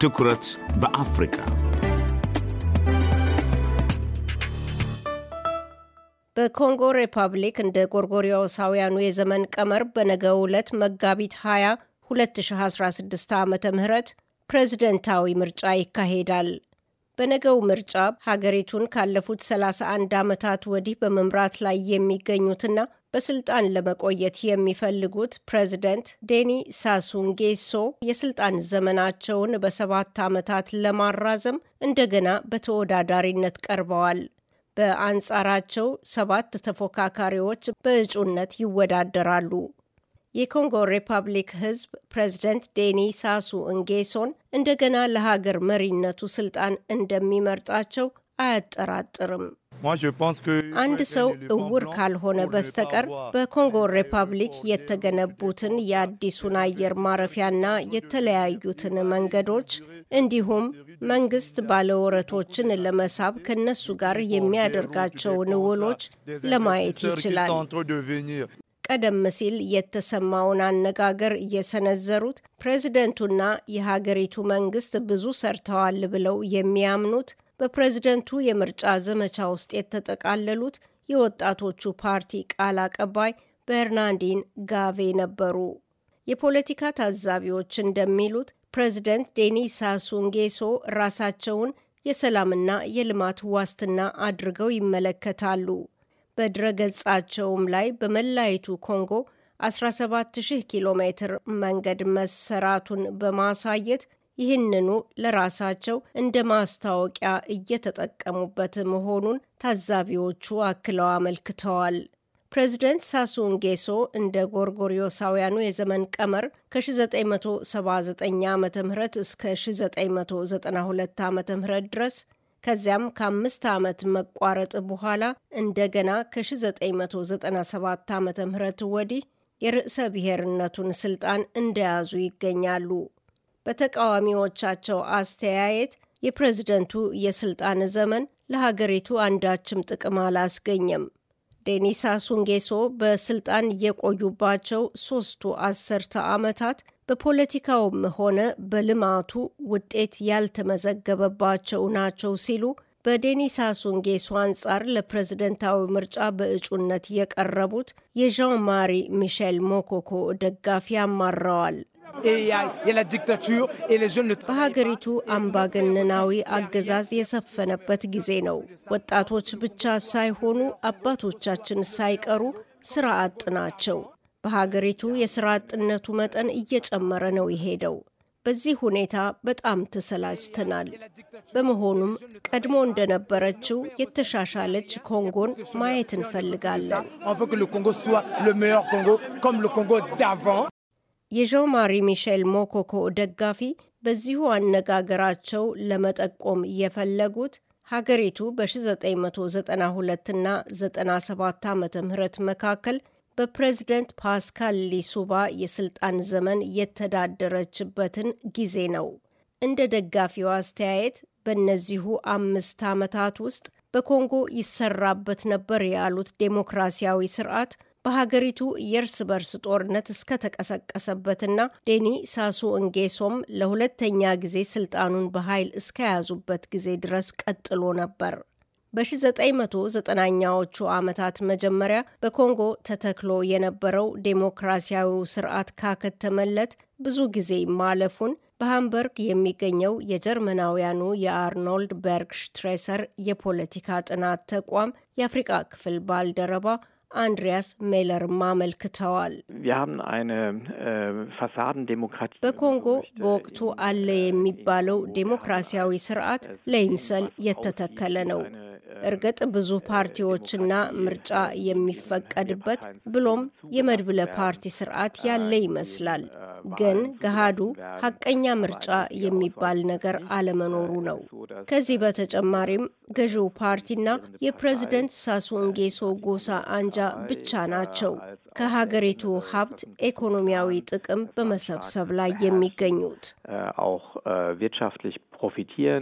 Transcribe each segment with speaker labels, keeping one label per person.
Speaker 1: ትኩረት በአፍሪካ በኮንጎ ሪፐብሊክ እንደ ጎርጎሪያውሳውያኑ የዘመን ቀመር በነገው ዕለት መጋቢት 20 2016 ዓ ም ፕሬዝደንታዊ ምርጫ ይካሄዳል። በነገው ምርጫ ሀገሪቱን ካለፉት 31 ዓመታት ወዲህ በመምራት ላይ የሚገኙትና በስልጣን ለመቆየት የሚፈልጉት ፕሬዚደንት ዴኒ ሳሱንጌሶ የስልጣን ዘመናቸውን በሰባት ዓመታት ለማራዘም እንደገና በተወዳዳሪነት ቀርበዋል። በአንጻራቸው ሰባት ተፎካካሪዎች በእጩነት ይወዳደራሉ። የኮንጎ ሪፐብሊክ ህዝብ ፕሬዝደንት ዴኒ ሳሱ እንጌሶን እንደገና ለሀገር መሪነቱ ስልጣን እንደሚመርጣቸው አያጠራጥርም። አንድ ሰው እውር ካልሆነ በስተቀር በኮንጎ ሪፐብሊክ የተገነቡትን የአዲሱን አየር ማረፊያና የተለያዩትን መንገዶች እንዲሁም መንግስት ባለወረቶችን ለመሳብ ከነሱ ጋር የሚያደርጋቸውን ውሎች ለማየት ይችላል። ቀደም ሲል የተሰማውን አነጋገር እየሰነዘሩት ፕሬዝደንቱና የሀገሪቱ መንግስት ብዙ ሰርተዋል ብለው የሚያምኑት በፕሬዝደንቱ የምርጫ ዘመቻ ውስጥ የተጠቃለሉት የወጣቶቹ ፓርቲ ቃል አቀባይ በርናንዲን ጋቬ ነበሩ። የፖለቲካ ታዛቢዎች እንደሚሉት ፕሬዝደንት ዴኒስ ሳሱን ራሳቸውን የሰላምና የልማት ዋስትና አድርገው ይመለከታሉ። በድረገጻቸውም ላይ በመላይቱ ኮንጎ 17000 ኪሎ ሜትር መንገድ መሰራቱን በማሳየት ይህንኑ ለራሳቸው እንደ ማስታወቂያ እየተጠቀሙበት መሆኑን ታዛቢዎቹ አክለው አመልክተዋል። ፕሬዚደንት ሳሱን ጌሶ እንደ ጎርጎሪዮሳውያኑ የዘመን ቀመር ከ1979 ዓ ም እስከ 1992 ዓ ም ድረስ ከዚያም ከአምስት ዓመት መቋረጥ በኋላ እንደገና ከ1997 ዓ ም ወዲህ የርዕሰ ብሔርነቱን ስልጣን እንደያዙ ይገኛሉ። በተቃዋሚዎቻቸው አስተያየት የፕሬዝደንቱ የስልጣን ዘመን ለሀገሪቱ አንዳችም ጥቅም አላስገኘም። ዴኒሳ ሱንጌሶ በስልጣን የቆዩባቸው ሶስቱ አስርተ ዓመታት በፖለቲካውም ሆነ በልማቱ ውጤት ያልተመዘገበባቸው ናቸው ሲሉ በዴኒስ አሱንጌሱ አንጻር ለፕሬዝደንታዊ ምርጫ በእጩነት የቀረቡት የዣን ማሪ ሚሼል ሞኮኮ ደጋፊ አማረዋል። በሀገሪቱ አምባገነናዊ አገዛዝ የሰፈነበት ጊዜ ነው። ወጣቶች ብቻ ሳይሆኑ አባቶቻችን ሳይቀሩ ስራ አጥ ናቸው። በሀገሪቱ የስራ አጥነቱ መጠን እየጨመረ ነው የሄደው። በዚህ ሁኔታ በጣም ተሰላችተናል። በመሆኑም ቀድሞ እንደነበረችው የተሻሻለች ኮንጎን ማየት እንፈልጋለን። የዣው ማሪ ሚሼል ሞኮኮ ደጋፊ በዚሁ አነጋገራቸው ለመጠቆም የፈለጉት ሀገሪቱ በ1992ና 97 ዓ ም መካከል በፕሬዝደንት ፓስካል ሊሱባ የስልጣን ዘመን የተዳደረችበትን ጊዜ ነው። እንደ ደጋፊው አስተያየት በእነዚሁ አምስት ዓመታት ውስጥ በኮንጎ ይሰራበት ነበር ያሉት ዴሞክራሲያዊ ስርዓት በሀገሪቱ የእርስ በርስ ጦርነት እስከተቀሰቀሰበትና ዴኒ ሳሱ እንጌሶም ለሁለተኛ ጊዜ ስልጣኑን በኃይል እስከያዙበት ጊዜ ድረስ ቀጥሎ ነበር። በ1990ዎቹ ዓመታት መጀመሪያ በኮንጎ ተተክሎ የነበረው ዴሞክራሲያዊ ስርዓት ካከተመለት ብዙ ጊዜ ማለፉን በሃምበርግ የሚገኘው የጀርመናውያኑ የአርኖልድ በርግ ሽትሬሰር የፖለቲካ ጥናት ተቋም የአፍሪቃ ክፍል ባልደረባ አንድሪያስ ሜለርም አመልክተዋል። äh, በኮንጎ በወቅቱ አለ የሚባለው ዴሞክራሲያዊ ስርዓት ለይምሰል የተተከለ ነው። እርግጥ ብዙ ፓርቲዎችና ምርጫ የሚፈቀድበት ብሎም የመድብለ ፓርቲ ስርዓት ያለ ይመስላል። ግን ገሃዱ ሀቀኛ ምርጫ የሚባል ነገር አለመኖሩ ነው። ከዚህ በተጨማሪም ገዢው ፓርቲና የፕሬዝደንት ሳሱንጌሶ ጎሳ አንጃ ብቻ ናቸው ከሀገሪቱ ሀብት ኢኮኖሚያዊ ጥቅም በመሰብሰብ ላይ የሚገኙት። äh,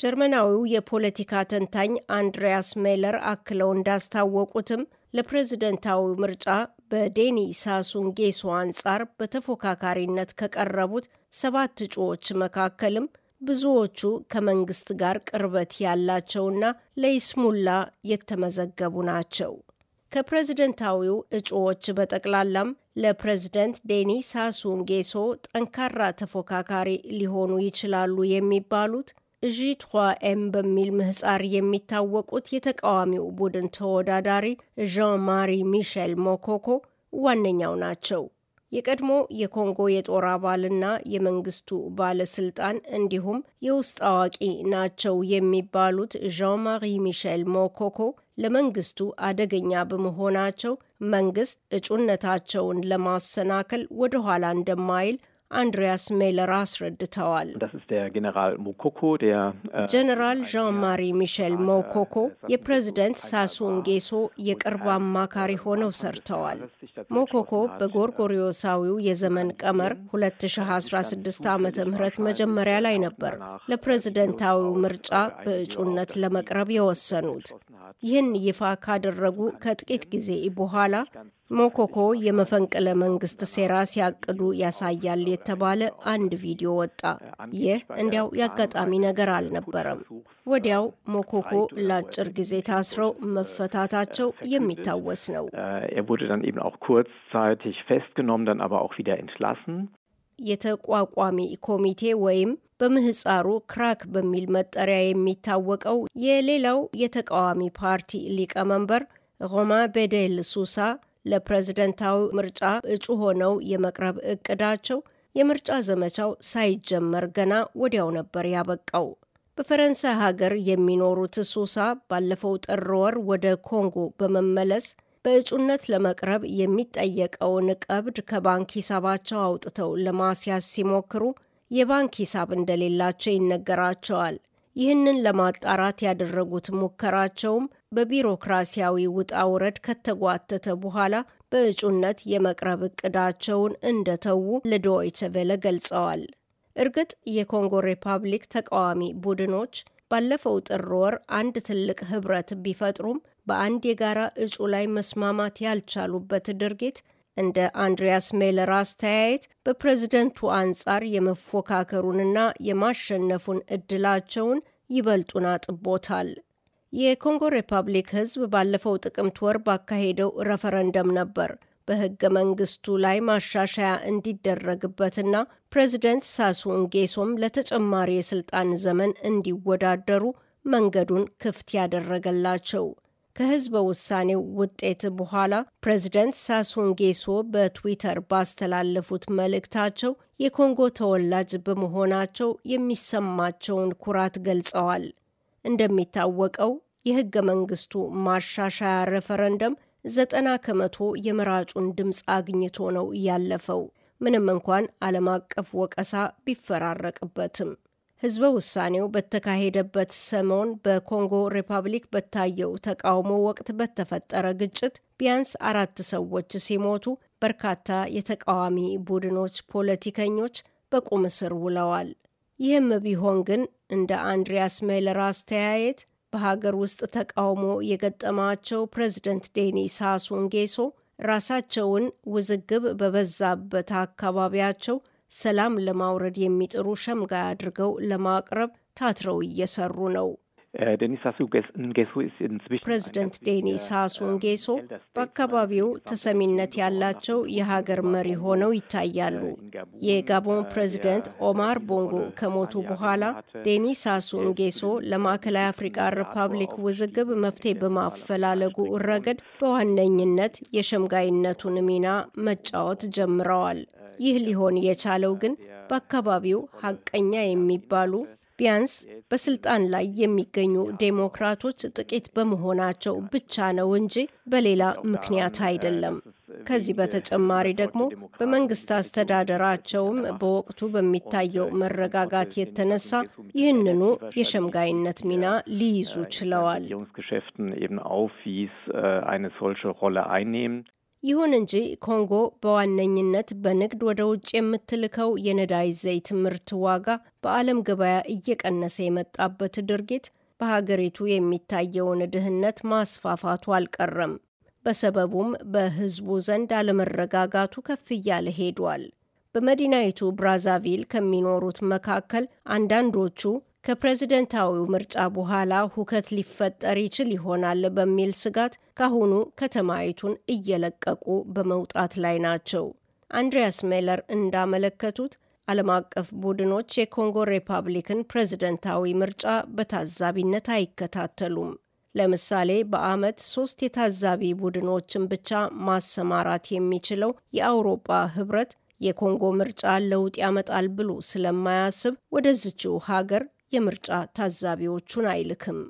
Speaker 1: ጀርመናዊው የፖለቲካ ተንታኝ አንድሪያስ ሜለር አክለው እንዳስታወቁትም ለፕሬዝደንታዊ ምርጫ በዴኒ ሳሱን ጌሶ አንጻር በተፎካካሪነት ከቀረቡት ሰባት እጩዎች መካከልም ብዙዎቹ ከመንግስት ጋር ቅርበት ያላቸውና ለይስሙላ የተመዘገቡ ናቸው። ከፕሬዝደንታዊው እጩዎች በጠቅላላም ለፕሬዝደንት ዴኒ ሳሱን ጌሶ ጠንካራ ተፎካካሪ ሊሆኑ ይችላሉ የሚባሉት ዥ 3 ኤም በሚል ምህፃር የሚታወቁት የተቃዋሚው ቡድን ተወዳዳሪ ዣን ማሪ ሚሼል ሞኮኮ ዋነኛው ናቸው። የቀድሞ የኮንጎ የጦር አባልና የመንግስቱ ባለስልጣን እንዲሁም የውስጥ አዋቂ ናቸው የሚባሉት ዣን ማሪ ሚሼል ሞኮኮ ለመንግስቱ አደገኛ በመሆናቸው መንግስት እጩነታቸውን ለማሰናከል ወደኋላ እንደማይል አንድሪያስ ሜለር አስረድተዋል። ጀነራል ዣን ማሪ ሚሼል ሞኮኮ የፕሬዝደንት ጌሶ የቅርብ አማካሪ ሆነው ሰርተዋል። ሞኮኮ በጎርጎሪዮሳዊው የዘመን ቀመር 2016 ዓ ም መጀመሪያ ላይ ነበር ለፕሬዝደንታዊው ምርጫ በእጩነት ለመቅረብ የወሰኑት። ይህን ይፋ ካደረጉ ከጥቂት ጊዜ በኋላ ሞኮኮ የመፈንቅለ መንግስት ሴራ ሲያቅዱ ያሳያል የተባለ አንድ ቪዲዮ ወጣ። ይህ እንዲያው ያጋጣሚ ነገር አልነበረም። ወዲያው ሞኮኮ ለአጭር ጊዜ ታስረው መፈታታቸው የሚታወስ ነው። er የተቋቋሚ ኮሚቴ ወይም በምህፃሩ ክራክ በሚል መጠሪያ የሚታወቀው የሌላው የተቃዋሚ ፓርቲ ሊቀመንበር ሮማ ቤዴል ሱሳ ለፕሬዝደንታዊ ምርጫ እጩ ሆነው የመቅረብ እቅዳቸው የምርጫ ዘመቻው ሳይጀመር ገና ወዲያው ነበር ያበቃው። በፈረንሳይ ሀገር የሚኖሩት ሱሳ ባለፈው ጥር ወር ወደ ኮንጎ በመመለስ በእጩነት ለመቅረብ የሚጠየቀውን ቀብድ ከባንክ ሂሳባቸው አውጥተው ለማስያዝ ሲሞክሩ የባንክ ሂሳብ እንደሌላቸው ይነገራቸዋል። ይህንን ለማጣራት ያደረጉት ሙከራቸውም በቢሮክራሲያዊ ውጣ ውረድ ከተጓተተ በኋላ በእጩነት የመቅረብ እቅዳቸውን እንደተዉ ለዶይቸ ቬለ ገልጸዋል። እርግጥ የኮንጎ ሪፐብሊክ ተቃዋሚ ቡድኖች ባለፈው ጥር ወር አንድ ትልቅ ህብረት ቢፈጥሩም በአንድ የጋራ እጩ ላይ መስማማት ያልቻሉበት ድርጊት እንደ አንድሪያስ ሜለር አስተያየት በፕሬዝደንቱ አንጻር የመፎካከሩንና የማሸነፉን እድላቸውን ይበልጡን አጥቦታል። የኮንጎ ሪፐብሊክ ሕዝብ ባለፈው ጥቅምት ወር ባካሄደው ረፈረንደም ነበር በህገ መንግስቱ ላይ ማሻሻያ እንዲደረግበትና ፕሬዚደንት ሳሱ ንጌሶም ለተጨማሪ የስልጣን ዘመን እንዲወዳደሩ መንገዱን ክፍት ያደረገላቸው። ከህዝበ ውሳኔው ውጤት በኋላ ፕሬዝደንት ሳሱንጌሶ በትዊተር ባስተላለፉት መልእክታቸው የኮንጎ ተወላጅ በመሆናቸው የሚሰማቸውን ኩራት ገልጸዋል። እንደሚታወቀው የህገ መንግስቱ ማሻሻያ ሬፈረንደም ዘጠና ከመቶ የመራጩን ድምፅ አግኝቶ ነው ያለፈው ምንም እንኳን ዓለም አቀፍ ወቀሳ ቢፈራረቅበትም። ህዝበ ውሳኔው በተካሄደበት ሰሞን በኮንጎ ሪፐብሊክ በታየው ተቃውሞ ወቅት በተፈጠረ ግጭት ቢያንስ አራት ሰዎች ሲሞቱ በርካታ የተቃዋሚ ቡድኖች ፖለቲከኞች በቁም እስር ውለዋል። ይህም ቢሆን ግን እንደ አንድሪያስ ሜለር አስተያየት በሀገር ውስጥ ተቃውሞ የገጠማቸው ፕሬዝደንት ዴኒ ሳሱንጌሶ ጌሶ ራሳቸውን ውዝግብ በበዛበት አካባቢያቸው ሰላም ለማውረድ የሚጥሩ ሸምጋ አድርገው ለማቅረብ ታትረው እየሰሩ ነው። ፕሬዚደንት ዴኒስ ሳሱ ንጌሶ በአካባቢው ተሰሚነት ያላቸው የሀገር መሪ ሆነው ይታያሉ። የጋቦን ፕሬዚደንት ኦማር ቦንጎ ከሞቱ በኋላ ዴኒስ ሳሱ ንጌሶ ለማዕከላዊ አፍሪቃ ሪፐብሊክ ውዝግብ መፍትሄ በማፈላለጉ ረገድ በዋነኝነት የሸምጋይነቱን ሚና መጫወት ጀምረዋል። ይህ ሊሆን የቻለው ግን በአካባቢው ሀቀኛ የሚባሉ ቢያንስ በስልጣን ላይ የሚገኙ ዴሞክራቶች ጥቂት በመሆናቸው ብቻ ነው እንጂ በሌላ ምክንያት አይደለም። ከዚህ በተጨማሪ ደግሞ በመንግስት አስተዳደራቸውም በወቅቱ በሚታየው መረጋጋት የተነሳ ይህንኑ የሸምጋይነት ሚና ሊይዙ ችለዋል። ይሁን እንጂ ኮንጎ በዋነኝነት በንግድ ወደ ውጭ የምትልከው የነዳጅ ዘይት ምርት ዋጋ በዓለም ገበያ እየቀነሰ የመጣበት ድርጊት በሀገሪቱ የሚታየውን ድህነት ማስፋፋቱ አልቀረም። በሰበቡም በህዝቡ ዘንድ አለመረጋጋቱ ከፍ እያለ ሄዷል። በመዲናይቱ ብራዛቪል ከሚኖሩት መካከል አንዳንዶቹ ከፕሬዝደንታዊው ምርጫ በኋላ ሁከት ሊፈጠር ይችል ይሆናል በሚል ስጋት ካሁኑ ከተማይቱን እየለቀቁ በመውጣት ላይ ናቸው። አንድሪያስ ሜለር እንዳመለከቱት ዓለም አቀፍ ቡድኖች የኮንጎ ሪፐብሊክን ፕሬዝደንታዊ ምርጫ በታዛቢነት አይከታተሉም። ለምሳሌ በዓመት ሶስት የታዛቢ ቡድኖችን ብቻ ማሰማራት የሚችለው የአውሮጳ ህብረት የኮንጎ ምርጫ ለውጥ ያመጣል ብሎ ስለማያስብ ወደዝችው ሀገር የምርጫ ታዛቢዎቹን አይልክም።